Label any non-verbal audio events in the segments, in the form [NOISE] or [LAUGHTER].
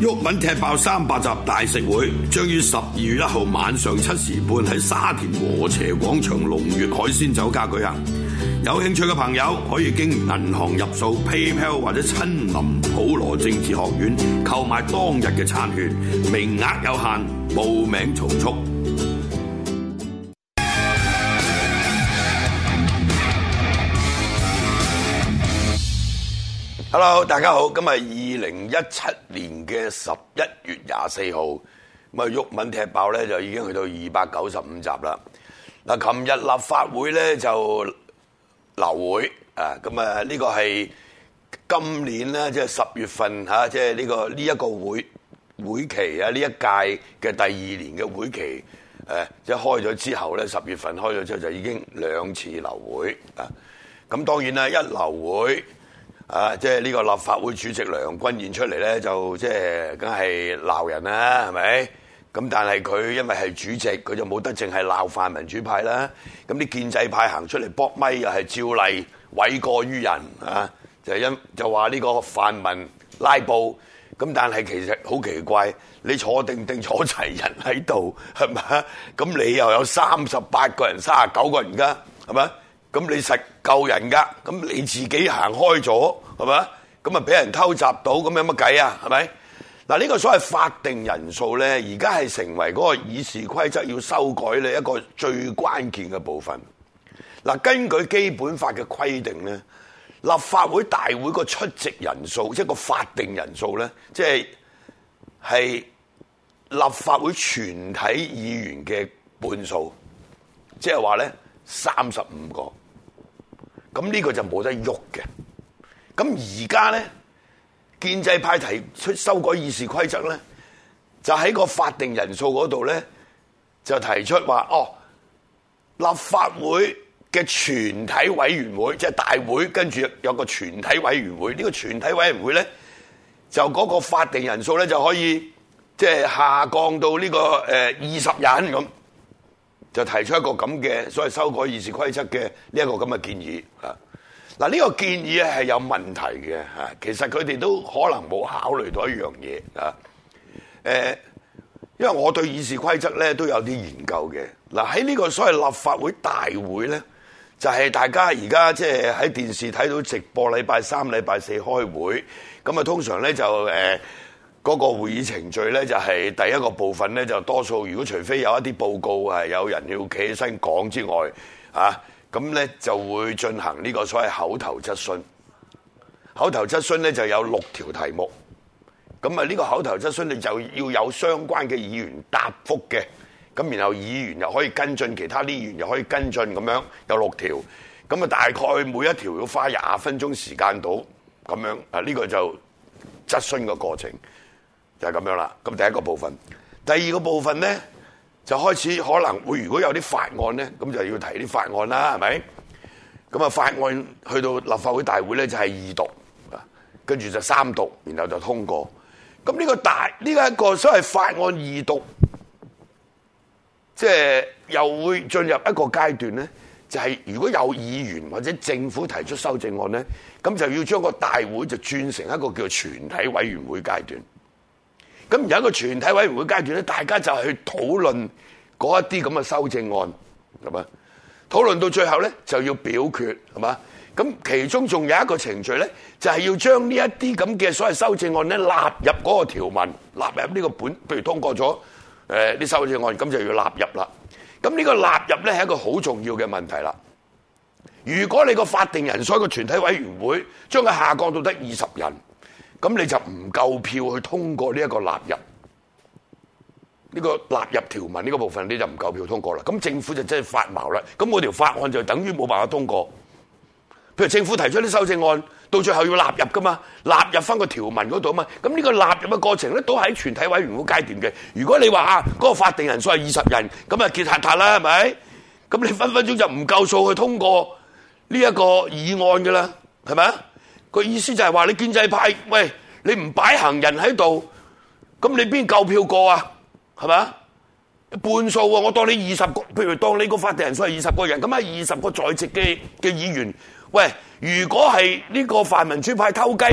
毓民踢爆三百集大食會，將於十二月一號晚上七時半喺沙田禾輋廣場龍悅海鮮酒家舉行。有興趣嘅朋友可以經銀行入數 [MUSIC] PayPal 或者親臨普羅政治學院購買當日嘅餐券，名額有限，報名從速。Hello，大家好，今日二零一七年嘅十一月廿四號，咁啊毓民踢爆咧就已經去到二百九十五集啦。嗱，琴日立法會咧就流會啊，咁啊呢個係今年咧即係十月份吓，即係呢個呢一個會會期啊呢一屆嘅第二年嘅會期誒，即係開咗之後咧十月份開咗之後就已經兩次流會啊，咁當然啦，一流會。啊，即係呢個立法會主席梁君彥出嚟咧，就即係梗係鬧人啦，係咪？咁但係佢因為係主席，佢就冇得淨係鬧泛民主派啦。咁啲建制派行出嚟搏咪又係照例諉過於人啊！就因就話呢個泛民拉布，咁但係其實好奇怪，你坐定定坐齊人喺度係咪？咁你又有三十八個人、三十九個人㗎，係咪？咁你實救人噶，咁你自己行開咗，係咪？咁啊俾人偷襲到，咁有乜計啊？係咪？嗱，呢個所謂法定人數咧，而家係成為嗰個議事規則要修改咧一個最關鍵嘅部分。嗱，根據基本法嘅規定咧，立法會大會個出席人數即個法定人數咧，即係係立法會全體議員嘅半數，即係話咧三十五個。咁、這、呢個就冇得喐嘅。咁而家咧，建制派提出修改議事規則咧，就喺個法定人數嗰度咧，就提出話哦，立法會嘅全體委員會即係、就是、大會，跟住有個全體委員會。呢、這個全體委員會咧，就嗰個法定人數咧就可以即係、就是、下降到呢個誒二十人咁。就提出一個咁嘅所謂修改議事規則嘅呢一個咁嘅建議啊！嗱，呢個建議咧係有問題嘅嚇，其實佢哋都可能冇考慮到一樣嘢啊！誒，因為我對議事規則咧都有啲研究嘅。嗱，喺呢個所謂立法會大會咧，就係大家而家即係喺電視睇到直播，禮拜三、禮拜四開會，咁啊通常咧就誒。嗰個會議程序咧，就係、是、第一個部分咧，就多數如果除非有一啲報告係有人要企起身講之外，啊，咁咧就會進行呢個所謂口頭質詢。口頭質詢咧就有六條題目，咁啊呢個口頭質詢你就要有相關嘅議員答覆嘅，咁然後議員又可以跟進，其他啲議員又可以跟進咁樣，有六條，咁啊大概每一條要花廿分鐘時間到，咁樣啊呢個就質詢嘅過程。就係、是、咁樣啦，咁第一個部分，第二個部分呢，就開始可能會如果有啲法案呢，咁就要提啲法案啦，係咪？咁啊，法案去到立法會大會呢，就係二讀，跟住就三讀，然後就通過。咁、這、呢個大呢個一個所謂法案二讀，即、就、係、是、又會進入一個階段呢，就係、是、如果有議員或者政府提出修正案呢，咁就要將個大會就轉成一個叫全體委員會階段。咁而家一個全體委員會階段咧，大家就去討論嗰一啲咁嘅修正案，係嘛？討論到最後咧，就要表決，係嘛？咁其中仲有一個程序咧，就係要將呢一啲咁嘅所謂修正案咧，納入嗰個條文，納入呢個本，譬如通過咗誒啲修正案，咁就要納入啦。咁呢個納入咧，係一個好重要嘅問題啦。如果你個法定人數個全體委員會將佢下降到得二十人。咁你就唔夠票去通過呢一個納入呢個納入條文呢個部分，你就唔夠票通過啦。咁政府就真係發毛啦。咁嗰條法案就等於冇辦法通過。譬如政府提出啲修正案，到最後要納入噶嘛，納入翻個條文嗰度啊嘛。咁呢個納入嘅過程咧，都喺全體委員會階段嘅。如果你話啊，嗰個法定人數係二十人，咁啊結核結啦，係咪？咁你分分鐘就唔夠數去通過呢一個議案噶啦，係咪啊？佢意思就係、是、話你建制派，喂，你唔擺行人喺度，咁你邊夠票過啊？係咪？半數喎、啊，我當你二十個，譬如當你個法定人數係二十個人，咁啊，二十個在職嘅嘅議員，喂，如果係呢個泛民主派偷雞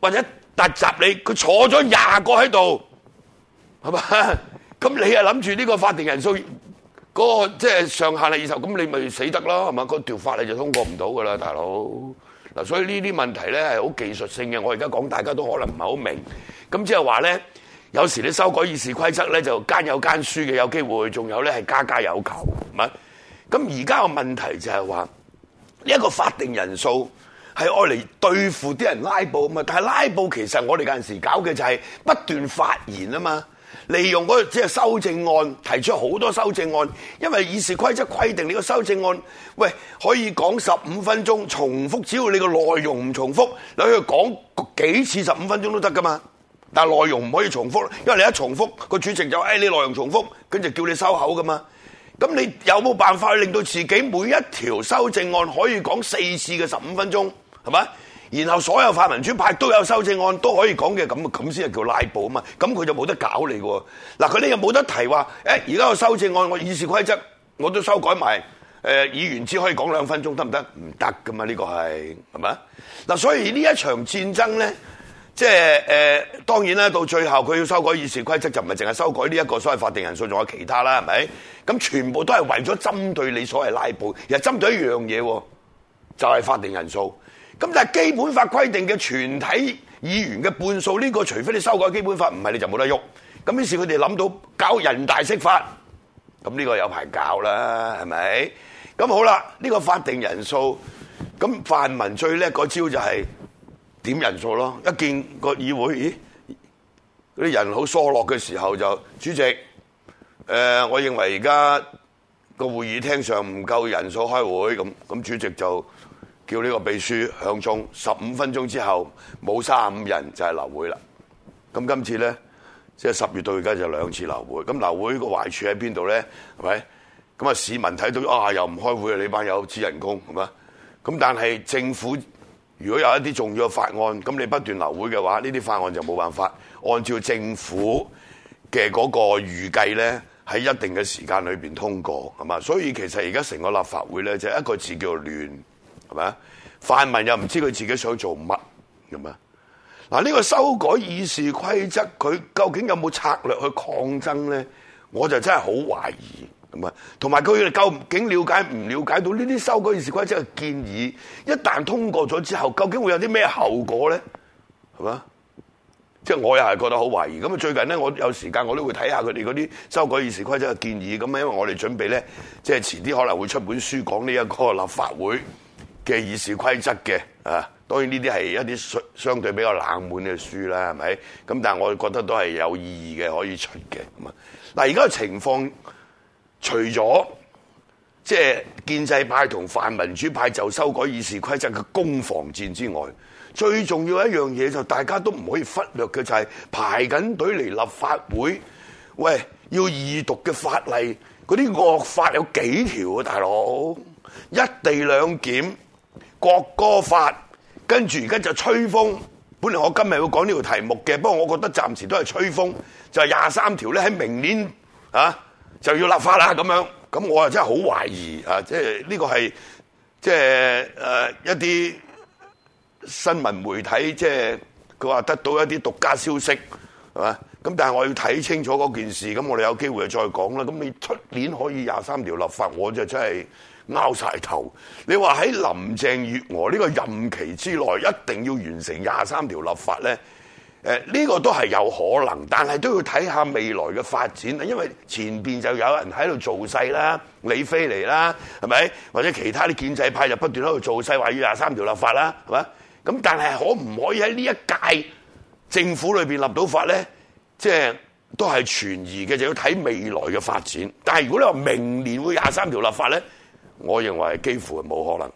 或者突襲你，佢坐咗廿個喺度，係嘛？咁你啊諗住呢個法定人數嗰、那個即係、就是、上限係二十，咁你咪死得咯，係嘛？個條法例就通過唔到噶啦，大佬。嗱，所以呢啲問題咧係好技術性嘅，我而家講大家都可能唔係好明。咁即係話咧，有時你修改議事規則咧，就間有間輸嘅，有機會。仲有咧係家家有求，咁而家嘅問題就係話，呢一個法定人數係愛嚟對付啲人拉布咁啊。但係拉布其實我哋嗰陣時搞嘅就係不斷發言啊嘛。利用嗰個即係修正案，提出好多修正案，因為議事規則規定你個修正案，喂，可以講十五分鐘，重複，只要你個內容唔重複，你可以講幾次十五分鐘都得噶嘛。但係內容唔可以重複，因為你一重複，個主席就誒你內容重複，跟住叫你收口噶嘛。咁你有冇辦法令到自己每一條修正案可以講四次嘅十五分鐘？係咪？.然後所有泛民主派都有修正案，都可以講嘅，咁咁先叫拉布啊嘛，咁佢就冇得搞你喎。嗱佢呢又冇得提話，誒而家個修正案我議事規則我都修改埋，誒議員只可以講兩分鐘得唔得？唔得噶嘛，呢個係，係咪？嗱所以呢一場戰爭咧，即係誒、呃、當然啦，到最後佢要修改議事規則就唔係淨係修改呢一個所謂法定人數，仲有其他啦，係咪？咁全部都係為咗針對你所謂拉布，又針對一樣嘢，就係、是、法定人數。咁但係基本法規定嘅全體議員嘅半數呢、這個，除非你修改基本法，唔係你就冇得喐。咁於是佢哋諗到搞人大釋法，咁、這、呢個有排搞啦，係咪？咁好啦，呢、這個法定人數，咁泛民最叻嗰招就係點人數咯。一見個議會，咦，嗰啲人好疏落嘅時候就主席，誒、呃，我認為而家個會議廳上唔夠人數開會，咁咁主席就。叫呢個秘書響鐘十五分鐘，之後冇三五人就係流會啦。咁今次咧，即係十月到而家就兩次流會。咁流會個壞處喺邊度咧？係咪？咁啊，市民睇到啊，又唔開會了，你班友支人工係嘛？咁但係政府如果有一啲重要嘅法案，咁你不斷流會嘅話，呢啲法案就冇辦法按照政府嘅嗰個預計咧，喺一定嘅時間裏邊通過係嘛？所以其實而家成個立法會咧，就係、一個字叫亂。係咪啊？泛民又唔知佢自己想做乜咁啊？嗱，呢個修改議事規則，佢究竟有冇策略去抗爭咧？我就真係好懷疑咁啊！同埋佢哋究竟了解唔了解到呢啲修改議事規則嘅建議，一旦通過咗之後，究竟會有啲咩後果咧？係嘛？即係我又係覺得好懷疑。咁啊，最近咧，我有時間我都會睇下佢哋嗰啲修改議事規則嘅建議。咁啊，因為我哋準備咧，即係遲啲可能會出本書講呢一個立法會。嘅議事規則嘅啊，當然呢啲係一啲相相對比較冷門嘅書啦，係咪？咁但係我覺得都係有意義嘅，可以出嘅。咁啊，嗱而家嘅情況，除咗即係建制派同泛民主派就修改議事規則嘅攻防戰之外，最重要的一樣嘢就大家都唔可以忽略嘅就係排緊隊嚟立法會，喂，要二讀嘅法例嗰啲惡法有幾條啊，大佬一地兩檢。國歌法，跟住而家就吹風。本嚟我今日會講呢條題目嘅，不過我覺得暫時都係吹風。就係廿三條咧，喺明年啊就要立法啦。咁樣，咁我真係好懷疑啊，即係呢個係即係誒一啲新聞媒體，即係佢話得到一啲獨家消息，係嘛？咁但係我要睇清楚嗰件事。咁我哋有機會再講啦。咁你出年可以廿三條立法，我就真係。拗晒頭，你話喺林鄭月娥呢個任期之內一定要完成廿三條立法咧？誒，呢個都係有可能，但係都要睇下未來嘅發展。因為前邊就有人喺度做勢啦，李飛嚟啦，係咪？或者其他啲建制派就不斷喺度做勢，話要廿三條立法啦，係咪？咁但係可唔可以喺呢一屆政府裏邊立到法咧？即係都係存疑嘅，就要睇未來嘅發展。但係如果你話明年會廿三條立法咧？我認為幾乎係冇可能。